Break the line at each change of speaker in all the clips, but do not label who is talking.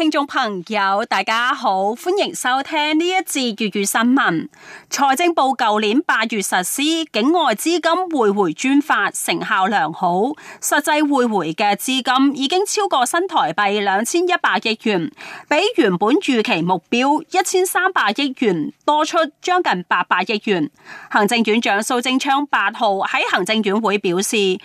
聽眾朋友，大家好，歡迎收聽呢一節粵語新聞。財政部舊年八月實施境外資金匯回專法，成效良好，實際匯回嘅資金已經超過新台幣兩千一百億元，比原本預期目標一千三百億元多出將近八百億元。行政院長蘇貞昌八號喺行政院會表示，資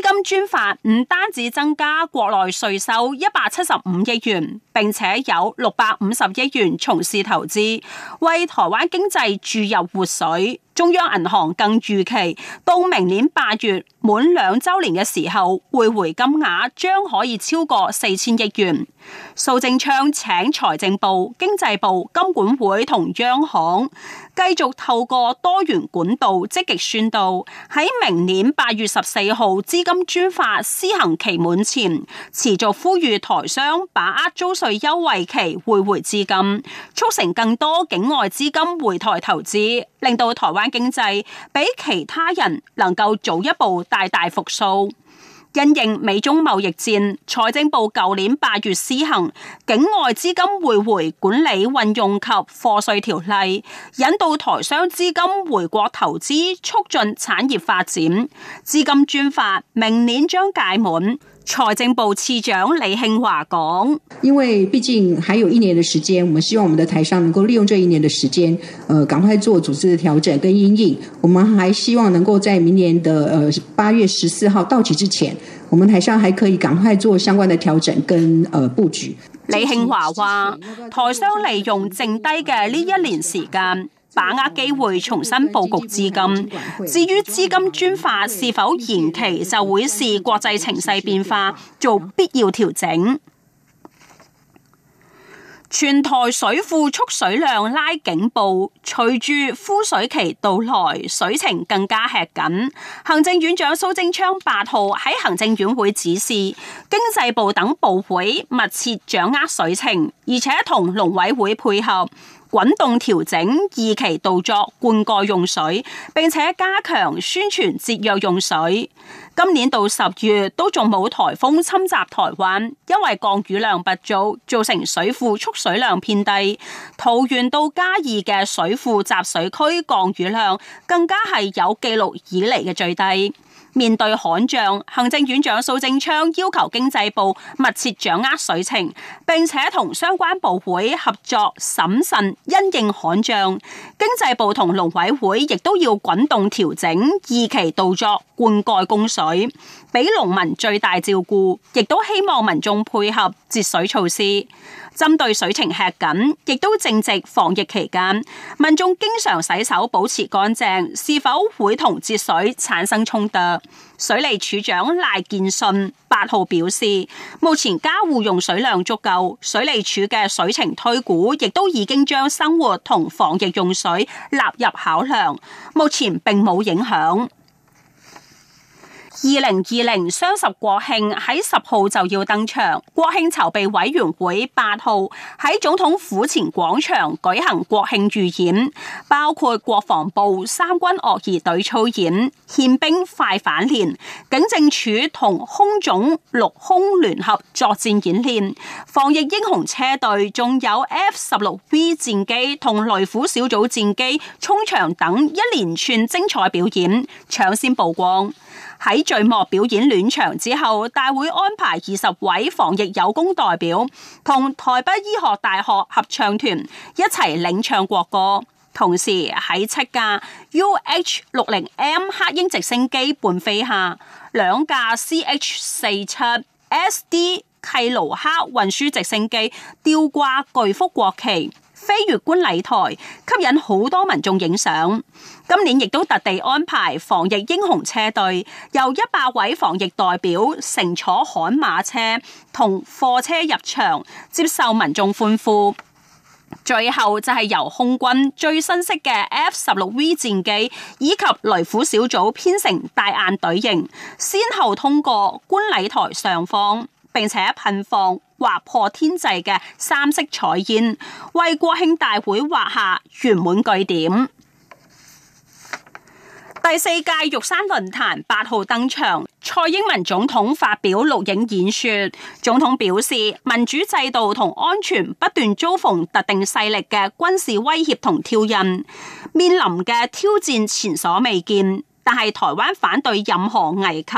金專法唔單止增加國內稅收一百七十五億元。並且有六百五十億元從事投資，為台灣經濟注入活水。中央銀行更預期到明年八月滿兩週年嘅時候，匯回金額將可以超過四千億元。蘇貞昌請財政部、經濟部、金管會同央行繼續透過多元管道積極宣導，喺明年八月十四號資金專法施行期滿前，持續呼籲台商把握租稅優惠期匯回資金，促成更多境外資金回台投資，令到台灣。經濟比其他人能夠早一步大大復甦，因應美中貿易戰，財政部舊年八月施行境外資金匯回，回管理運用及課稅條例，引導台商資金回國投資，促進產業發展。資金專法明年將屆滿。財政部次長李慶華講：因為畢竟還有一年嘅時間，我們希望我們的台商能夠利用這一年的時間，呃，趕快做組織的調整跟因應。我們還希望能夠在明年的呃八月十四號到期之前，我們台商還可以趕快做相關的調整跟呃布局。李慶華話：台商利用剩低嘅呢一年時間。把握機會重新布局資金，至於資金專法是否延期，就會視國際情勢變化做必要調整。全台水庫蓄水量拉警報，隨住枯水期到來，水情更加吃緊。行政院長蘇貞昌八號喺行政院會指示，經濟部等部會密切掌握水情，而且同農委會配合。滾動調整二期稻作灌溉用水，並且加強宣傳節約用水。今年到十月都仲冇台風侵襲台灣，因為降雨量不足，造成水庫蓄水量偏低。桃園到嘉義嘅水庫集水區降雨量更加係有記錄以嚟嘅最低。面對旱象，行政院長蘇貞昌要求經濟部密切掌握水情，並且同相關部會合作審慎因應旱象。經濟部同農委會亦都要滾動調整二期稻作灌溉供水。.俾農民最大照顧，亦都希望民眾配合節水措施。針對水情吃緊，亦都正值防疫期間，民眾經常洗手保持乾淨，是否會同節水產生衝突？水利署長賴建信八號表示，目前家戶用水量足夠，水利署嘅水情推估亦都已經將生活同防疫用水納入考量，目前並冇影響。二零二零雙十國慶喺十號就要登場，國慶籌備委員會八號喺總統府前廣場舉行國慶預演，包括國防部三軍樂儀隊操演、憲兵快反連、警政處同空總陸空聯合作戰演練、防疫英雄車隊，仲有 F 十六 V 戰機同雷虎小組戰機衝場等一連串精彩表演，搶先曝光。喺序幕表演暖場之後，大會安排二十位防疫有功代表同台北醫學大學合唱團一齊領唱國歌，同時喺七架 UH 六零 M 黑鷹直升機伴飛下，兩架 CH 四七 SD 契盧克運輸直升機吊掛巨幅國旗。飛越觀禮台，吸引好多民眾影相。今年亦都特地安排防疫英雄車隊，由一百位防疫代表乘坐悍馬車同貨車入場，接受民眾歡呼。最後就係由空軍最新式嘅 F 十六 V 戰機以及雷虎小組編成大雁隊形，先後通過觀禮台上方。並且噴放劃破天際嘅三色彩煙，為國慶大會畫下圓滿句點。第四屆玉山論壇八號登場，蔡英文總統發表錄影演說。總統表示，民主制度同安全不斷遭逢特定勢力嘅軍事威脅同挑釁，面臨嘅挑戰前所未見。但係台灣反對任何危及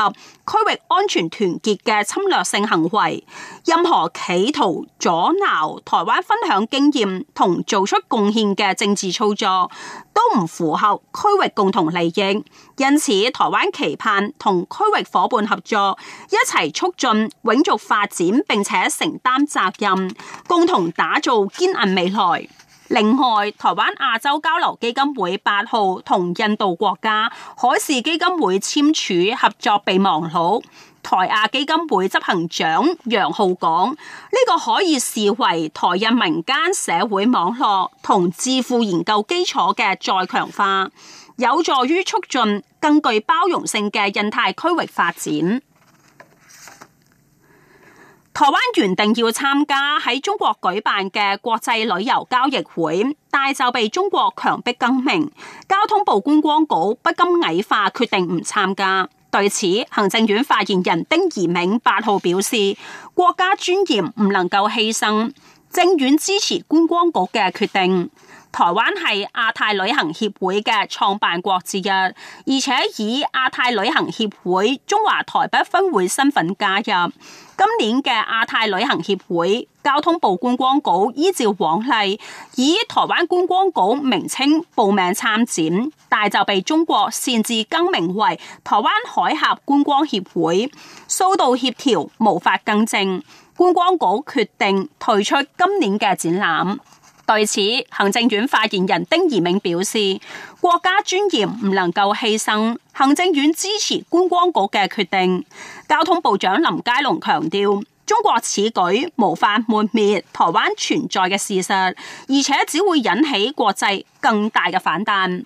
區域安全團結嘅侵略性行為，任何企圖阻撓台灣分享經驗同做出貢獻嘅政治操作，都唔符合區域共同利益。因此，台灣期盼同區域夥伴合作，一齊促進永續發展，並且承擔責任，共同打造堅韌未來。另外，台灣亞洲交流基金會八號同印度國家海事基金會簽署合作備忘錄。台亞基金會執行長楊浩講：呢、這個可以視為台印民間社會網絡同智庫研究基礎嘅再強化，有助於促進更具包容性嘅印太區域發展。台灣原定要參加喺中國舉辦嘅國際旅遊交易會，但就被中國強迫更名。交通部觀光局不甘矮化，決定唔參加。對此，行政院發言人丁怡銘八號表示：國家尊嚴唔能夠犧牲，政院支持觀光局嘅決定。台灣係亞太旅行協會嘅創辦國之一，而且以亞太旅行協會中華台北分會身份加入。今年嘅亞太旅行協會，交通部觀光局依照往例，以台灣觀光局名稱報名參展，但就被中國擅自更名為台灣海峽觀光協會，數度協調無法更正，觀光局決定退出今年嘅展覽。對此，行政院發言人丁怡銘表示，國家尊嚴唔能夠犧牲，行政院支持觀光局嘅決定。交通部長林佳龍強調，中國此舉無法抹滅台灣存在嘅事實，而且只會引起國際更大嘅反彈。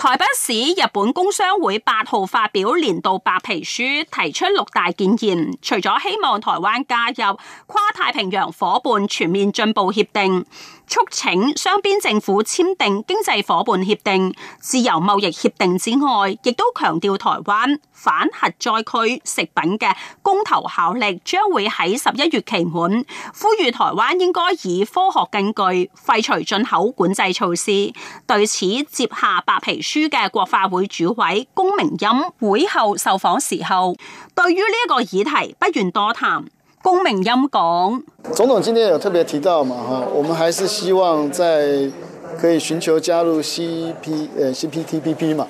台北市日本工商會八號發表年度白皮書，提出六大建言。除咗希望台灣加入跨太平洋夥伴全面進步協定，促請雙邊政府簽訂經濟夥伴協定、自由貿易協定之外，亦都強調台灣反核災區食品嘅公投效力將會喺十一月期滿，呼籲台灣應該以科學根據廢除進口管制措施。對此接下白皮書。書嘅國發會主委龔明鑫會後受訪時候，對於呢一個議題不願多談。龔明鑫講：總統今天有特別提到嘛，哈，我們還是希望再可以尋求加入 C P 誒、呃、C P T P P 嘛，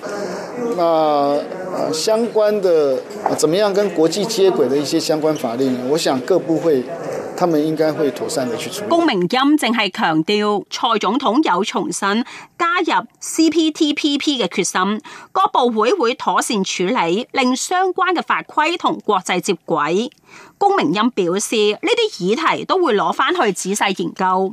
那、呃、相關的怎麼樣跟國際接軌的一些相關法令，我想各部會。他們應該會妥善地去處理。公明音淨係強調，蔡總統有重申加入 CPTPP 嘅決心，各部會會妥善處理，令相關嘅法規同國際接軌。公明音表示，呢啲議題都會攞翻去仔細研究。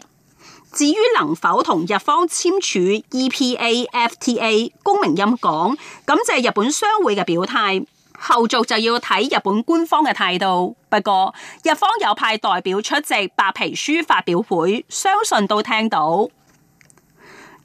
至於能否同日方簽署 EPA FTA，公明音講，咁就係日本商會嘅表態。後續就要睇日本官方嘅態度。不過，日方有派代表出席白皮書發表會，相信都聽到。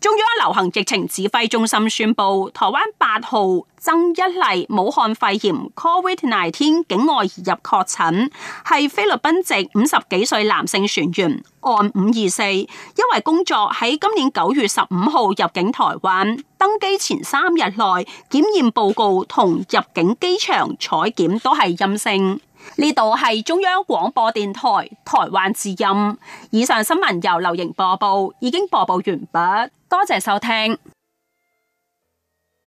中央流行疫情指揮中心宣布，台灣八號增一例武漢肺炎 （COVID-19） 境外移入確診，係菲律賓籍五十幾歲男性船員，案五二四，24，因為工作喺今年九月十五號入境台灣，登機前三日內檢驗報告同入境機場採檢都係陰性。呢度係中央廣播電台台灣之音。以上新聞由劉瑩播報，已經播報完畢。多謝收聽。